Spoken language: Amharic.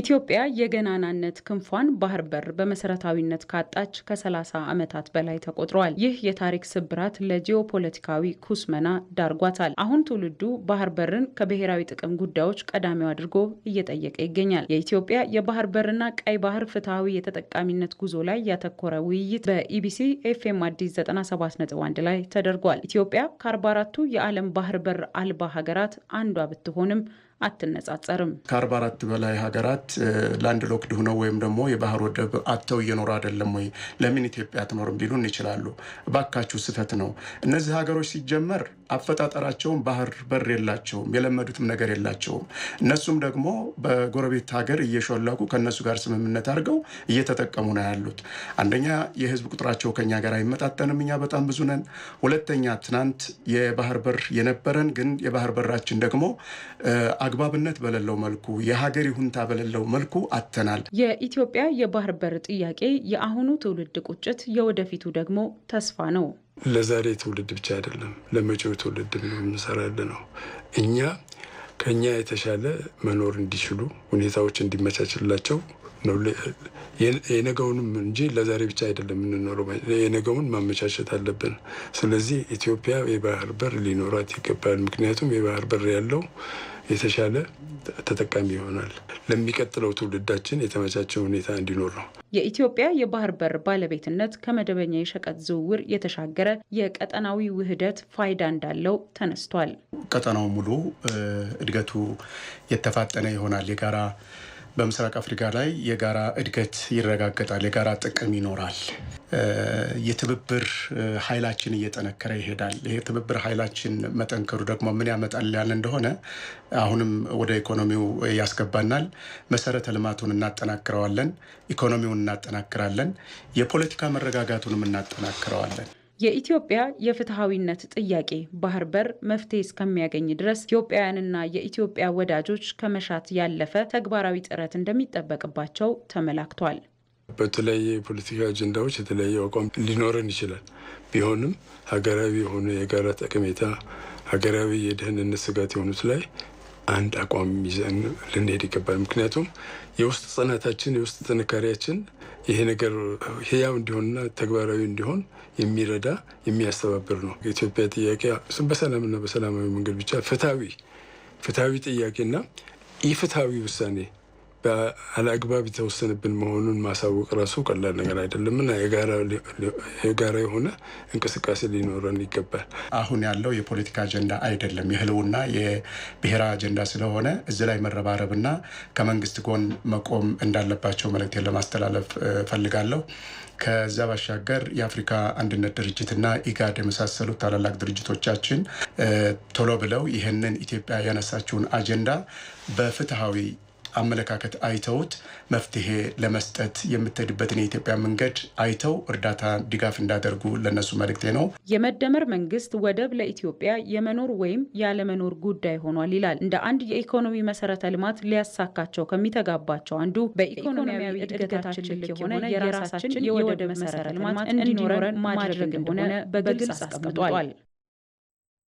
ኢትዮጵያ የገናናነት ክንፏን ባህር በር በመሰረታዊነት ካጣች ከ30 ዓመታት በላይ ተቆጥሯል። ይህ የታሪክ ስብራት ለጂኦፖለቲካዊ ኩስመና ዳርጓታል። አሁን ትውልዱ ባህር በርን ከብሔራዊ ጥቅም ጉዳዮች ቀዳሚው አድርጎ እየጠየቀ ይገኛል። የኢትዮጵያ የባህር በርና ቀይ ባህር ፍትሐዊ የተጠቃሚነት ጉዞ ላይ ያተኮረ ውይይት በኢቢሲ ኤፍኤም አዲስ 97.1 ላይ ተደርጓል። ኢትዮጵያ ከ44ቱ የዓለም ባህር በር አልባ ሀገራት አንዷ ብትሆንም አትነጻጸርም። ከ44 በላይ ሀገራት ሀገራት ላንድ ሎክድ ሆነው ወይም ደግሞ የባህር ወደብ አጥተው እየኖሩ አይደለም ወይ? ለምን ኢትዮጵያ አትኖርም ቢሉን ይችላሉ። እባካችሁ ስህተት ነው። እነዚህ ሀገሮች ሲጀመር አፈጣጠራቸውም ባህር በር የላቸውም፣ የለመዱትም ነገር የላቸውም። እነሱም ደግሞ በጎረቤት ሀገር እየሾለኩ ከእነሱ ጋር ስምምነት አድርገው እየተጠቀሙ ነው ያሉት። አንደኛ የህዝብ ቁጥራቸው ከኛ ጋር አይመጣጠንም፣ እኛ በጣም ብዙ ነን። ሁለተኛ ትናንት የባህር በር የነበረን ግን የባህር በራችን ደግሞ አግባብነት በሌለው መልኩ የሀገር ይሁንታ በሌለው በሌለው መልኩ አጥተናል። የኢትዮጵያ የባህር በር ጥያቄ የአሁኑ ትውልድ ቁጭት፣ የወደፊቱ ደግሞ ተስፋ ነው። ለዛሬ ትውልድ ብቻ አይደለም ለመጪው ትውልድ የምንሰራ ያለ ነው። እኛ ከኛ የተሻለ መኖር እንዲችሉ ሁኔታዎች እንዲመቻችላቸው ነው የነገውንም እንጂ ለዛሬ ብቻ አይደለም የምንኖረው። የነገውን ማመቻቸት አለብን። ስለዚህ ኢትዮጵያ የባህር በር ሊኖራት ይገባል። ምክንያቱም የባህር በር ያለው የተሻለ ተጠቃሚ ይሆናል። ለሚቀጥለው ትውልዳችን የተመቻቸ ሁኔታ እንዲኖር ነው። የኢትዮጵያ የባህር በር ባለቤትነት ከመደበኛ የሸቀጥ ዝውውር የተሻገረ የቀጠናዊ ውህደት ፋይዳ እንዳለው ተነስቷል። ቀጠናው ሙሉ እድገቱ የተፋጠነ ይሆናል። የጋራ በምስራቅ አፍሪካ ላይ የጋራ እድገት ይረጋገጣል፣ የጋራ ጥቅም ይኖራል፣ የትብብር ኃይላችን እየጠነከረ ይሄዳል። ይሄ ትብብር ኃይላችን መጠንከሩ ደግሞ ምን ያመጣል ያለ እንደሆነ አሁንም ወደ ኢኮኖሚው ያስገባናል። መሰረተ ልማቱን እናጠናክረዋለን፣ ኢኮኖሚውን እናጠናክራለን፣ የፖለቲካ መረጋጋቱንም እናጠናክረዋለን። የኢትዮጵያ የፍትሐዊነት ጥያቄ ባህር በር መፍትሄ እስከሚያገኝ ድረስ ኢትዮጵያውያንና የኢትዮጵያ ወዳጆች ከመሻት ያለፈ ተግባራዊ ጥረት እንደሚጠበቅባቸው ተመላክቷል። በተለያየ የፖለቲካ አጀንዳዎች የተለያየ አቋም ሊኖረን ይችላል። ቢሆንም ሀገራዊ የሆነ የጋራ ጠቀሜታ፣ ሀገራዊ የደህንነት ስጋት የሆኑት ላይ አንድ አቋም ይዘን ልንሄድ ይገባል። ምክንያቱም የውስጥ ጽናታችን የውስጥ ጥንካሬያችን ይሄ ነገር ህያው እንዲሆንና ተግባራዊ እንዲሆን የሚረዳ የሚያስተባብር ነው። የኢትዮጵያ ጥያቄ በሰላምና በሰላማዊ መንገድ ብቻ ፍትሐዊ ፍትሐዊ ጥያቄና ኢፍትሐዊ ውሳኔ አለአግባብ የተወሰነብን መሆኑን ማሳወቅ ራሱ ቀላል ነገር አይደለም እና የጋራ የሆነ እንቅስቃሴ ሊኖረን ይገባል። አሁን ያለው የፖለቲካ አጀንዳ አይደለም፣ የህልውና የብሔራዊ አጀንዳ ስለሆነ እዚህ ላይ መረባረብና ከመንግስት ጎን መቆም እንዳለባቸው መልእክቴን ለማስተላለፍ ፈልጋለሁ። ከዛ ባሻገር የአፍሪካ አንድነት ድርጅትና ኢጋድ የመሳሰሉት ታላላቅ ድርጅቶቻችን ቶሎ ብለው ይህንን ኢትዮጵያ ያነሳችውን አጀንዳ በፍትሐዊ አመለካከት አይተውት መፍትሄ ለመስጠት የምትሄድበትን የኢትዮጵያ መንገድ አይተው እርዳታ ድጋፍ እንዳደርጉ ለነሱ መልእክቴ ነው። የመደመር መንግስት ወደብ ለኢትዮጵያ የመኖር ወይም ያለመኖር ጉዳይ ሆኗል ይላል። እንደ አንድ የኢኮኖሚ መሰረተ ልማት ሊያሳካቸው ከሚተጋባቸው አንዱ በኢኮኖሚያዊ እድገታችን ልክ የሆነ የራሳችን የወደብ መሰረተ ልማት እንዲኖረን ማድረግ እንደሆነ በግልጽ አስቀምጧል።